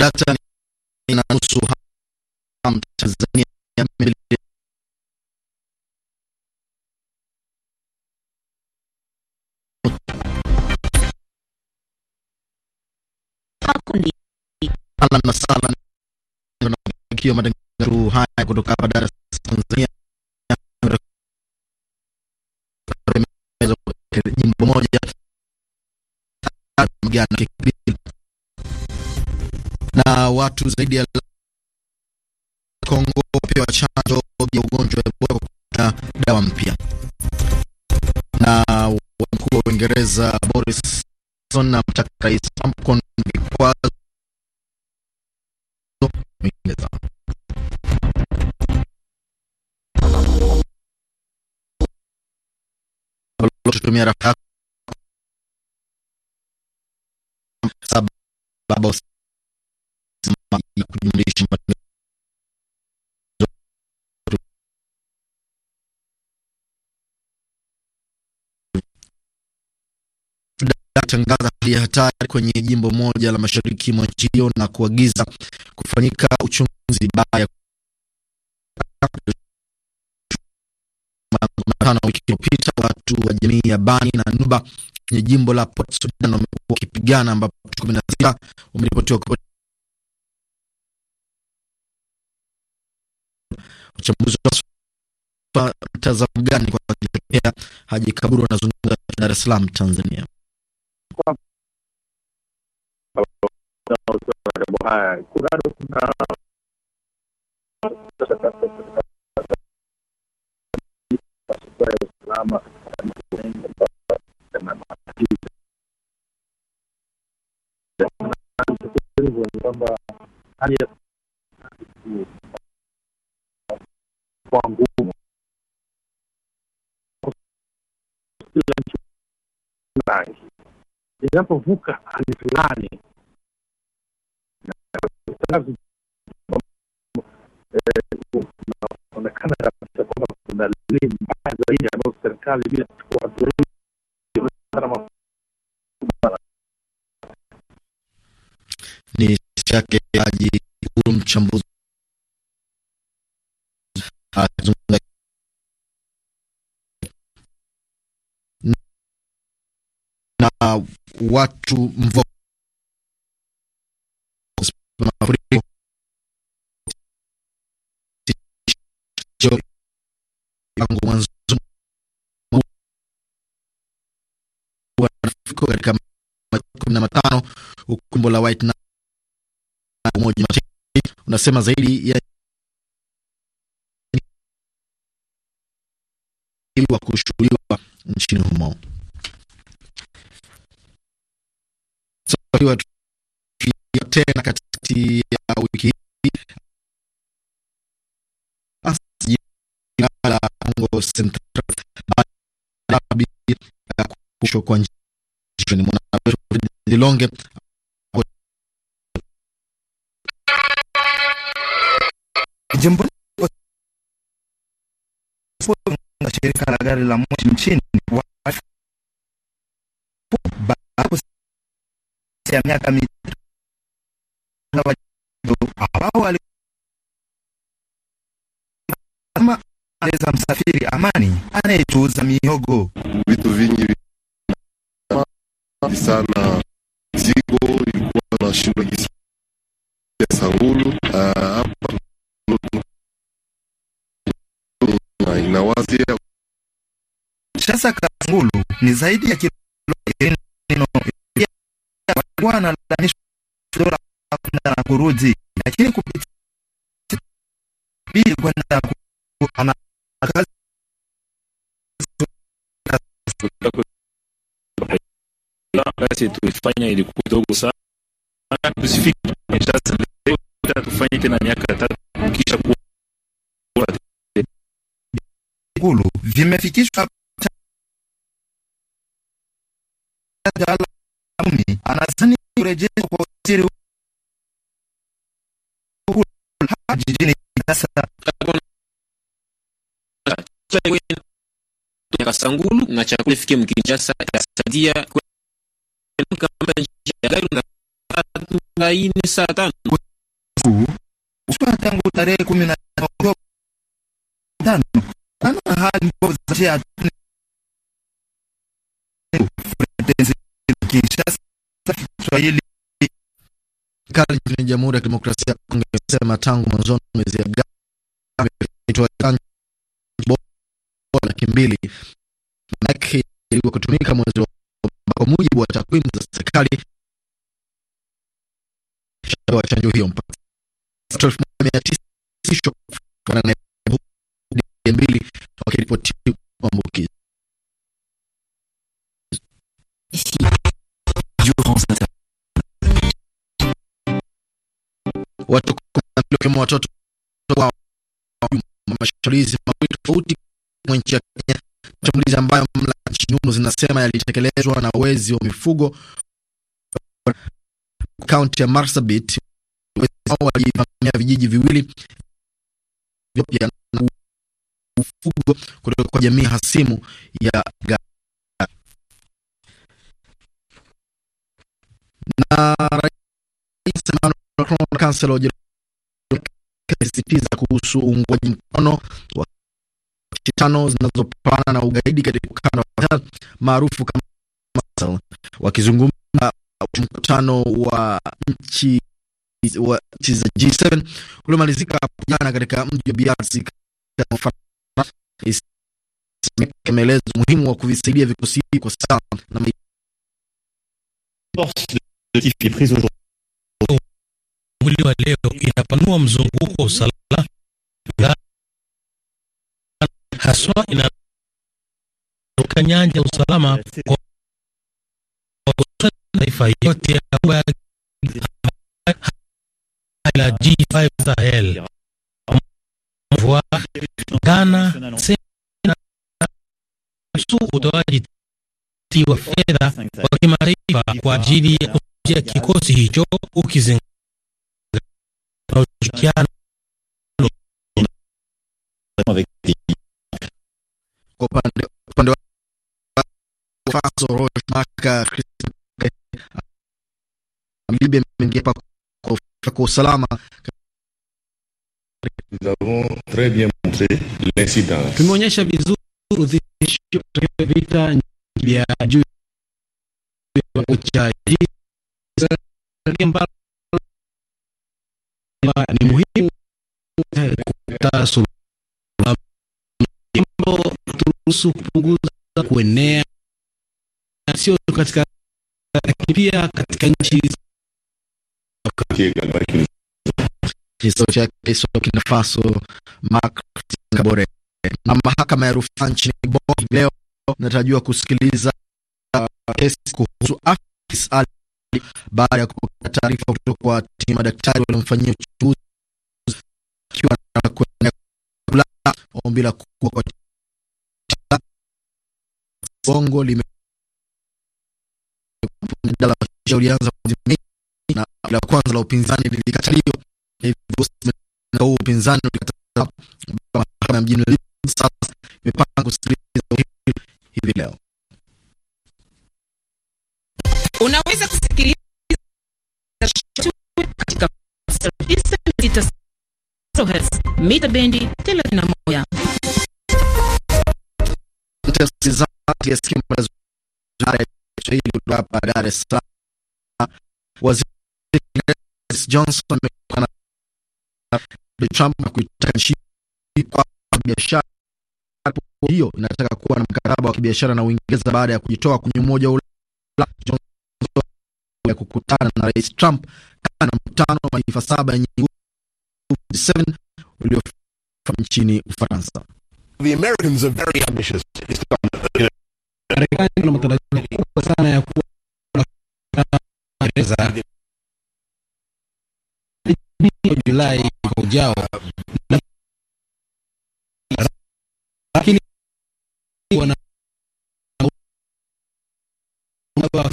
dakta na nusu Tanzania makundi alan na salan tunafikia matangazo haya kutoka hapa Dar es Salaam Tanzania jimbo moja mgana na watu zaidi ya Kongo wapewa chanjo ya ugonjwa wa Ebola kwa dawa mpya. Na mkuu wa Uingereza Boris Johnson amtaka Rais Trump kuondoa vikwazo Uingereza. Tutumia rafa saba na kujumlisha tangaza hali ya hatari kwenye jimbo moja la mashariki mwa nchi hiyo na kuagiza kufanyika uchunguzi baya ya wiki iliyopita. Watu wa jamii ya Bani na Nuba kwenye jimbo la Port Sudan wamekuwa wakipigana ambapo watu kumi na sita wameripotiwa kupoteza Wachambuzi wa mtazamo gani kwa kilichotokea? Haji Kaburu anazungumza Dar es Salaam, Tanzania. hali ya inapovuka hali fulani eh, unaonekana kabisa kwamba kuna lei mbaya zaidi ambayo serikali bila watu mvua mafuriko mwanzo wanafiko katika kumi na matano huku la White na Umoja unasema zaidi ya wa kushuhudiwa nchini humo. akiwa tena katikati ya wiki hii la Kongo Central Arabi kusho kwa njiani mwana Dilonge jimbo shirika la gari la moshi nchini kati ya miaka mitatu ambao wali kama msafiri Amani anayetuuza mihogo vitu vingi sana zigo ilikuwa na shindo ya sangulu ah, hapa inawazia sasa. Kasangulu ni zaidi ya kilo alikuwa analanishwa dola kwenda na kurudi, lakini kupitia bili kwenda na ana kazi kazi ilikuwa dogo sana, tusifike tufanye tena miaka tatu kisha vimefikishwa anadhani kurejeshwa kwa waziri jijini sasa Kasangulu na chakula fike Mkinshasa yasaidia kama njia ya gari na tatu saa tano usiku tangu tarehe kumi na tano hali mbovu za Kinshasa Swahili kali nchini Jamhuri ya Kidemokrasia ya Kongo imesema tangu mwanzoni mwezi Agosti laki mbili manake kutumika mwezi kwa mujibu wa takwimu za serikali wa chanjo hiyo mpaka elfu moja mia wakiripotiwa wakiwemo watoto wa mashambulizi mawili tofauti kwa nchi ya Kenya, mashambulizi ambayo mamlaka nchini humo zinasema yalitekelezwa na wezi wa mifugo kaunti ya Marsabit. Wezi hao walivamia vijiji viwili vya mifugo kutoka kwa jamii hasimu ya na rais Emmanuel Macron kansela wa amesisitiza kuhusu uungwaji mkono wa nchi tano zinazopambana na ugaidi katika ukanda wa Sahel maarufu kama Sahel. Wakizungumza mkutano wa nchi wa nchi za G7 uliomalizika hapo jana katika mji wa Biarritz, imeeleza umuhimu wa kuvisaidia vikosi hivi kwa sasa na iliyozinduliwa leo inapanua mzunguko wa usalama haswa inaruka nyanja usalama kwa taifa yote ya Ghuba la G5 Sahel, Ghana, utoaji wa fedha wa kimataifa kwa ajili ya kikosi hicho ukizingatia mahojiano avec upande wa Faso Roch Maka Libya imeingia kwa usalama. Nous avons très bien montré l'incident. Tumeonyesha vizuri udhihirisho wa vita Libya juu ya ambalo ni muhimu kupata suluhu turuhusu kupunguza kuenea sio katika lakini pia katika nchi Burkina Faso Kabore. Na mahakama ya rufaa nchini Gabon leo natarajiwa kusikiliza kesi kuhusu Afis Ali hospitali baada ya kupokea taarifa kutoka kwa timu madaktari waliomfanyia uchunguzi akiwa anakwenda kulala. Ombi la kuwa kwa Bongo lime mjadala wa sheria ulianza mwezi Mei na la kwanza la upinzani lilikataliwa, Hivyo na huu upinzani ulikataliwa mahakama ya mjini Sasa imepanga kusikiliza hivi leo. kilohertz mita bendi 31. Hapa Dar es Salaam, waziri Johnson amekutana na Trump na kuitaka nchi kwa biashara hiyo inataka kuwa na mkataba wa kibiashara na Uingereza baada ya kujitoa kwenye Umoja wa Ulaya. Johnson ya kukutana na Rais Trump kana mkutano wa mataifa saba yenye ulio nchini Ufaransa. Marekani wana matarajio makubwa sana ya kuwa Julai ujao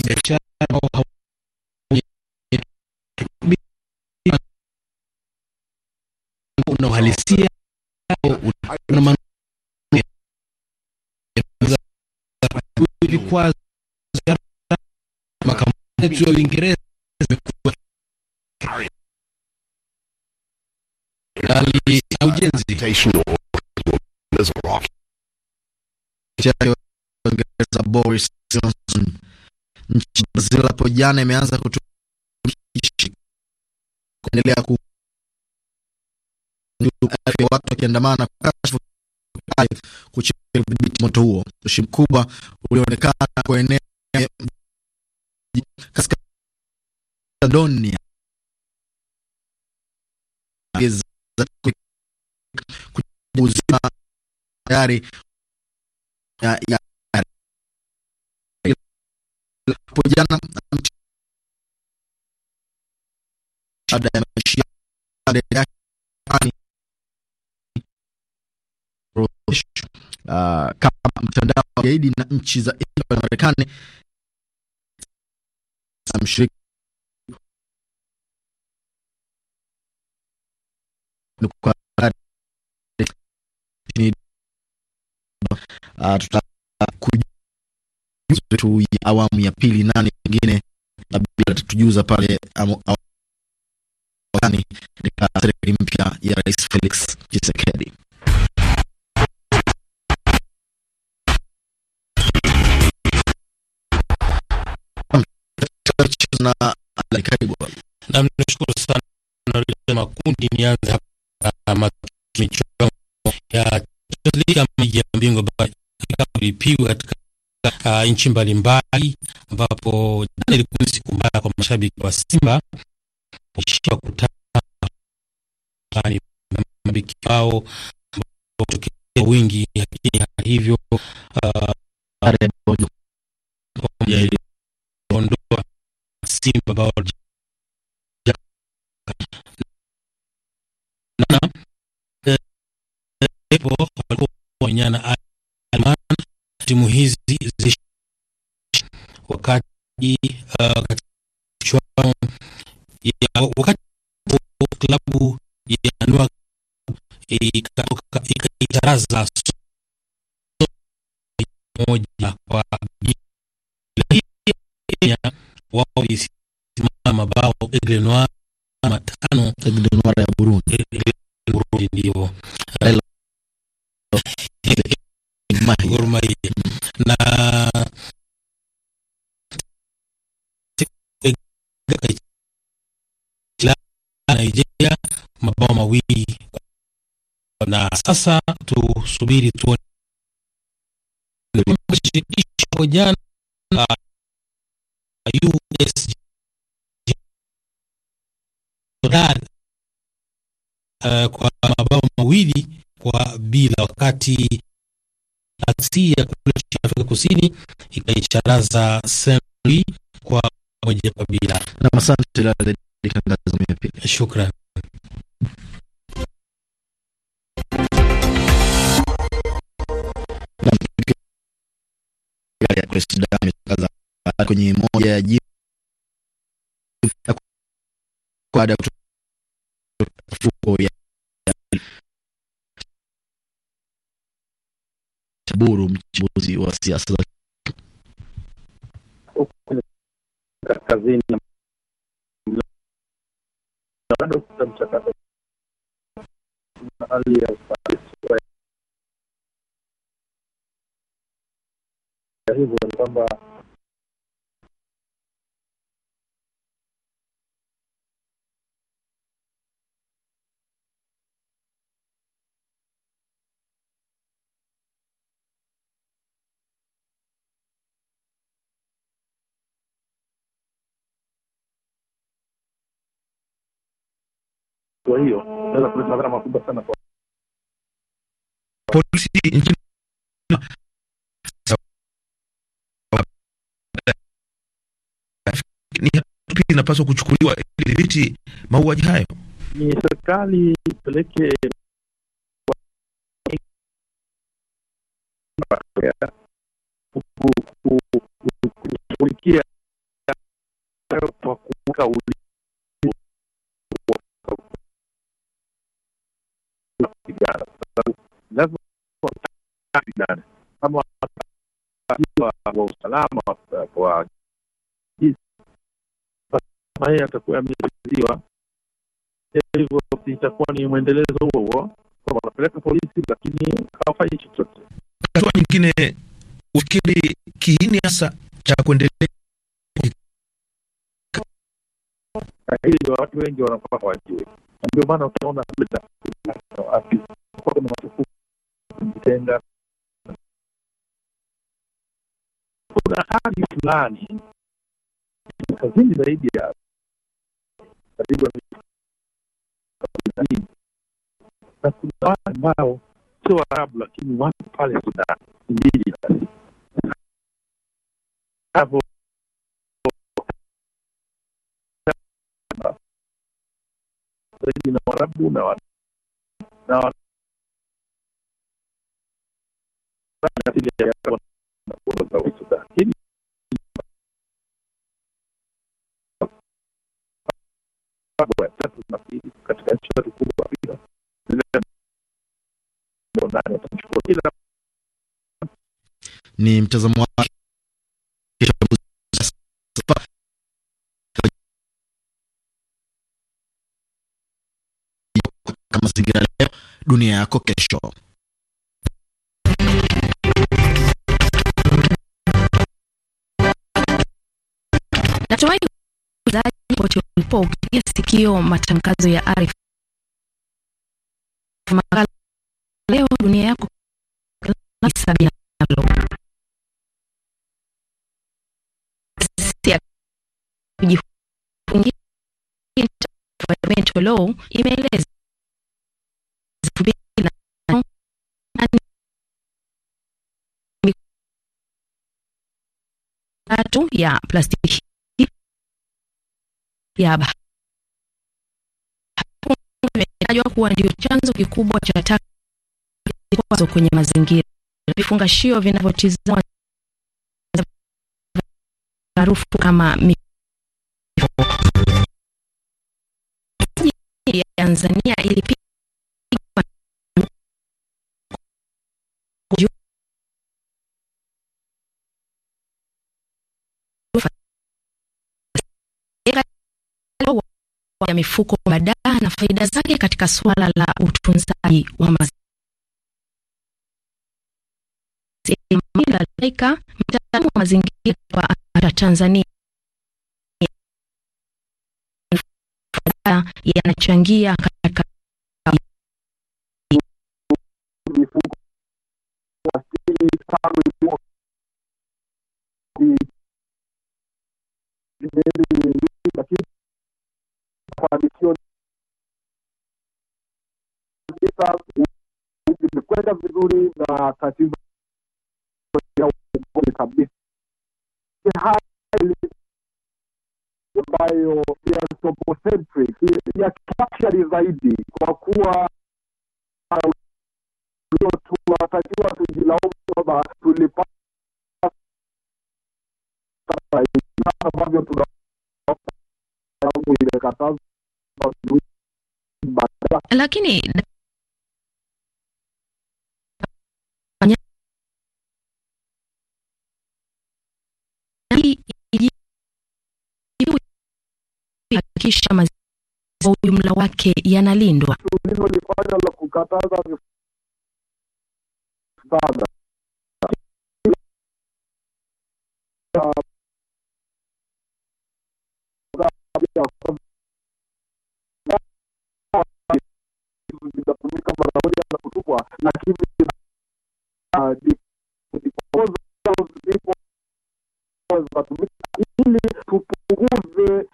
biashara Uingereza Boris Johnson nchi Brazil hapo jana imeanza kuendelea ku watu wakiandamana kashfu kudhibiti moto huo. Moshi mkubwa ulionekana kuenea kaskazini kuzima tayari ya hapo jana baada ya maisha yake uh, kama mtandao wa gaidi na nchi za Marekani uh, ya awamu ya pili nani nyingine atatujuza pale uh, serikali mpya ya Rais Felix Tshisekedi. na alikaribu na mnashukuru sana na makundi. Nianze hapa michuano ya liga ya mabingwa ilipigwa katika uh, nchi mbalimbali, ambapo jana ilikuwa siku mbaya kwa mashabiki wa Simba kutana kutani mabiki wao kutokea wingi, lakini hata hivyo uh, simba ambao naona epo walikuwa timu hizi wakati uh, ya wakati klabu ya ndoa ikataraza moja kwa bila wao mabao Aigle Noir matano Aigle Noir ya Burundi, Burundi ndio Gor Mahia na Nigeria mabao mawili, na sasa tusubiri tuone shirikisho jana USG uh, Eh, kwa mabao mawili kwa bila, wakati aksi ya kule Afrika Kusini ikaicharaza Saint Louis kwa moja kwa bila. Na asante la tangazo ya pili. Shukran. kwenye moja ya jimbo baada ya kutoka ya Buru, mchambuzi wa siasa za kaskazini mchakato ya ni kwamba Kwa hiyo naweza kuleta gharama kubwa sana kwa polisi nchini ni hatua zinapaswa kuchukuliwa ili kudhibiti mauaji hayo. Ni serikali ipeleke kushughulikia kwa kuweka serikali dada, kama wa usalama kwa kama yeye atakuwa amezidiwa, hivyo itakuwa ni mwendelezo huo huo kwamba wanapeleka polisi, lakini hawafanyi chochote. Hatua nyingine, ufikiri kiini hasa cha kuendelea hili, watu wengi wanakuwa hawajui, ndio maana utaona kule kuna matukio kujitenga kuna hali fulani kazini zaidi ya karibu na kuna wale ambao sio Waarabu lakini watu pale Sudan mbili zaidi na Waarabu na wa na wa na katika nchi zetu kubwa pia ni mtazamo wake kama mazingira leo dunia yako kesho zaji pote ulipo sikio matangazo ya Arif makala leo dunia yako sabini environmental law imeeleza tatu ya plastiki ya imetajwa kuwa ndio chanzo kikubwa cha taka kwenye mazingira. Vifungashio vinavyotizama maarufu kama Tanzania ilipia ya mifuko badaa na faida zake katika suala la utunzaji wa mazingira. Mtaalamu wa mazingira wa Tanzania yanachangia katika mifuko sasa imekwenda vizuri na tatizo ya uongozi kabisa ambayo ya anthropocentric ya kiakshari zaidi, kwa kuwa tunatakiwa tujilaumu kwamba tulipata ambavyo imekataza lakini kisha maziwa kwa ujumla wake yanalindwa. Tulilolifanya la kukataza msaada zitatumika mara moja na kutupwa, lakini ndipo zikatumika ili tupunguze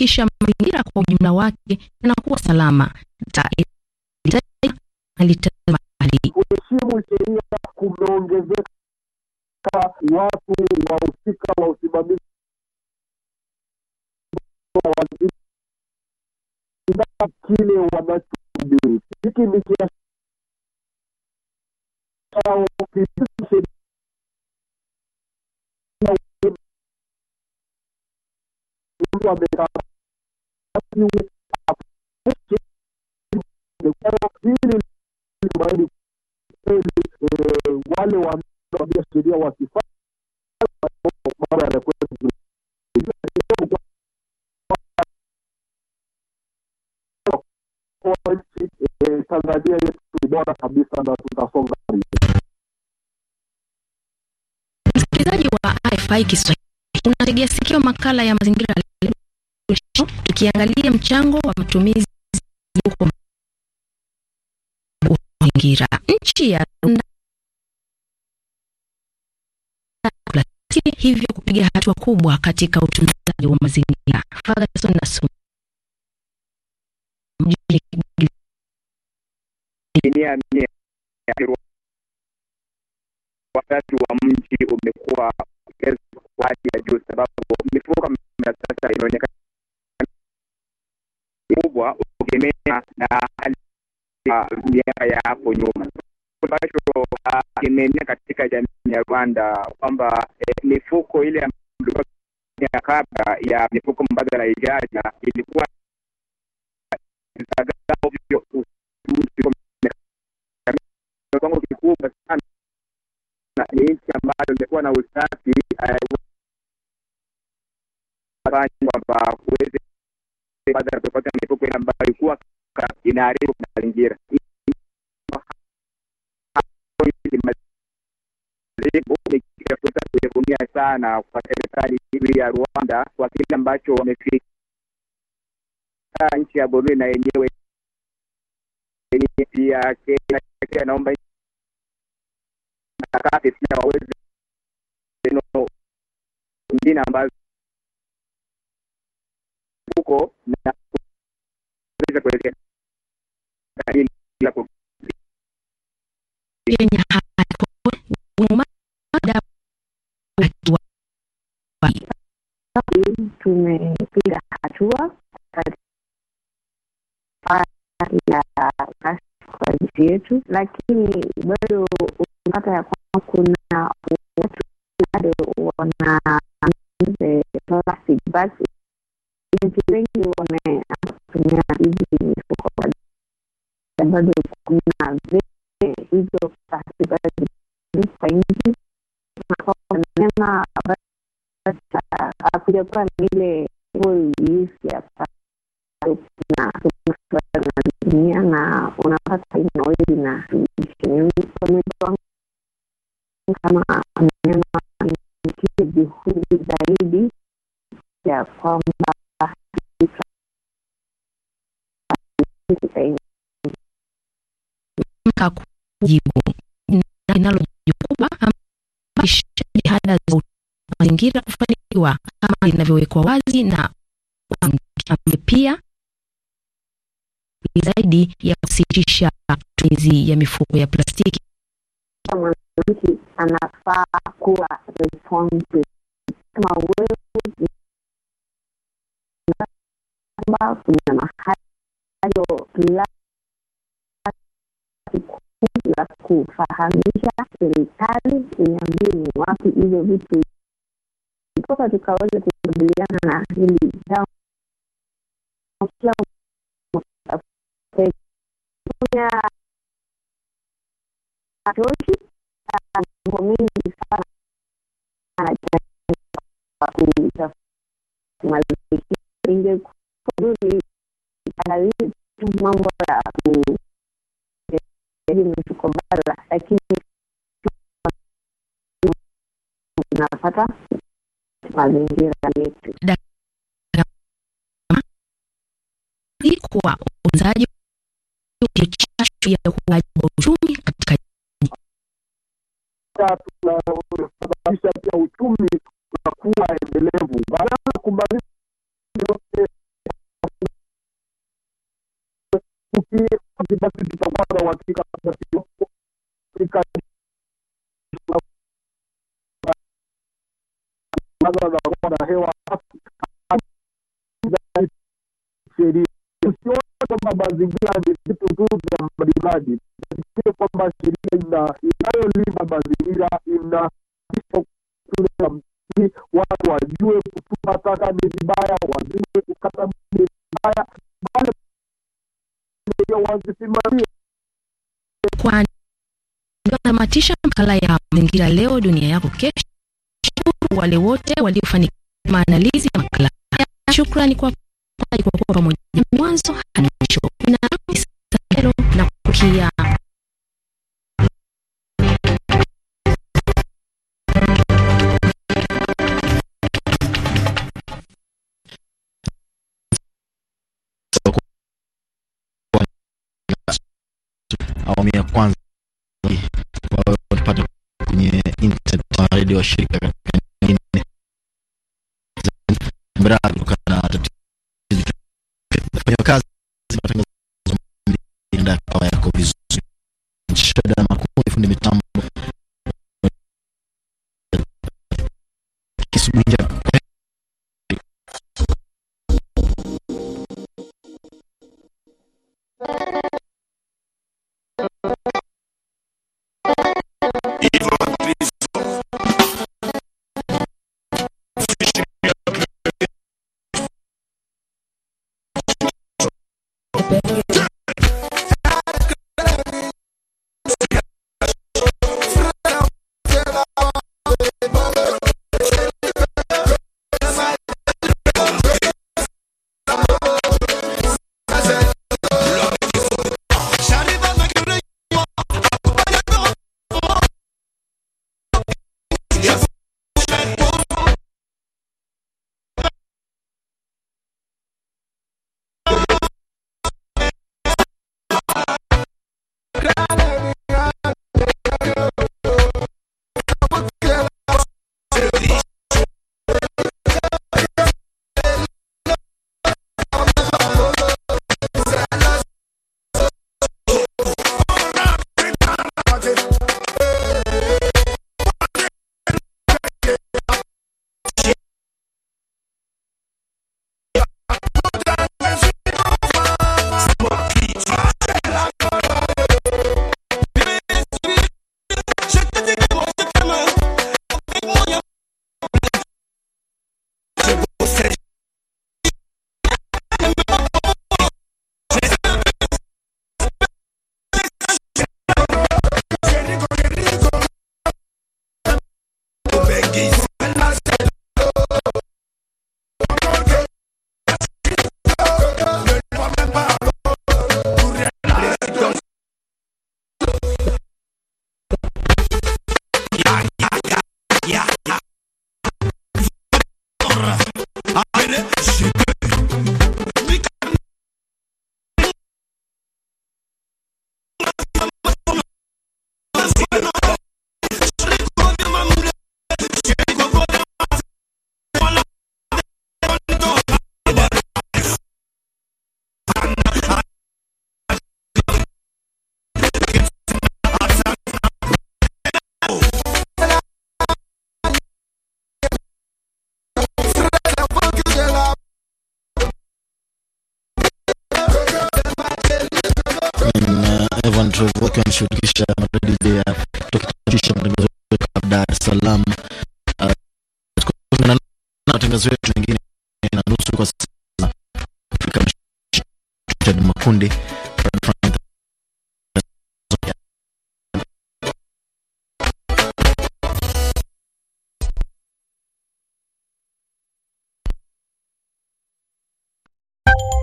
kuhakikisha mazingira kwa ujumla wake yanakuwa salama kuheshimu sheria kumeongezeka watu wahusika wa usimamizi kile wanachohubiri hiki ni kiashiria wale wanaoambia sheria wakifanya Tanzania yetu ni bora kabisa na tutasonga mbele. Msikilizaji wa RFI Kiswahili unategea sikio makala ya mazingira tukiangalia mchango wa matumizi kwa mazingira. Nchi ya plastiki hivyo kupiga hatua kubwa katika utunzaji wa mazingira. Ferguson Nassum wakati wa mji umekuwa kwa hali ya juu, sababu mifuko sasa inaonekana kubwa ukiegemea na hali miaka ya hapo nyuma ambacho kimeenea katika jamii ya Rwanda kwamba eh, mifuko ile ya kabla ya mifuko mbadala ijaja ilikuwa kiwango kikubwa sana ni nchi ambayo imekuwa na usafi eh, kwamba kuweze baada ya kupata milipuko ile ambayo ilikuwa inaharibu mazingira ikitafuta sana kwa serikali hii ya Rwanda kwa kile ambacho wamefika nchi ya Burundi na yenyewe pia naomba kati pia waweze mbinu ambazo huko na kuweza kuelekea tumepiga hatua ya kwa nchi yetu, lakini bado unapata ya kwamba kuna watu bado wana basi bado kuna hizo kwa nchi ah, kuja kuwa ni jibu linalo kubwa jitihada za mazingira kufanikiwa kama linavyowekwa wazi na pia zaidi ya kusitisha matumizi ya mifuko ya plastiki. anafaa kuwa kama wewe kuna mahali la kufahamisha serikali iambie ni wapi hivyo vitu toka, tukaweza kukabiliana na hili jao mambo mengi sana ingekuwa mambo ya mifuko bala lakini tunapata mazingira yetu kwa uzaji chachu ya ukuaji wa uchumi katika tunasababisha pia uchumi unakuwa endelevu. hizi basi tutakuwa na uhakika katika sheria. kwamba mazingira ni vitu tu vya mradi, lakini kwamba sheria inayolinda mazingira inaisha kule mtii, watu wajue kutupa taka ni vibaya, wajue kukata ni vibaya wazisimamie. Kwa tamatisha makala ya mazingira leo dunia yako kesho. Shukuru wale wote waliofanikisha maandalizi ya makala Shukrani kwa kwa kuwa pamoja mwanzo hadi baadhi ya washirika Central wakiwa wanashirikisha Madrid Day. Tukitamatisha matangazo yetu hapa Dar es Salaam, na matangazo yetu mengine na nusu kwa saa Afrika Mashariki makundi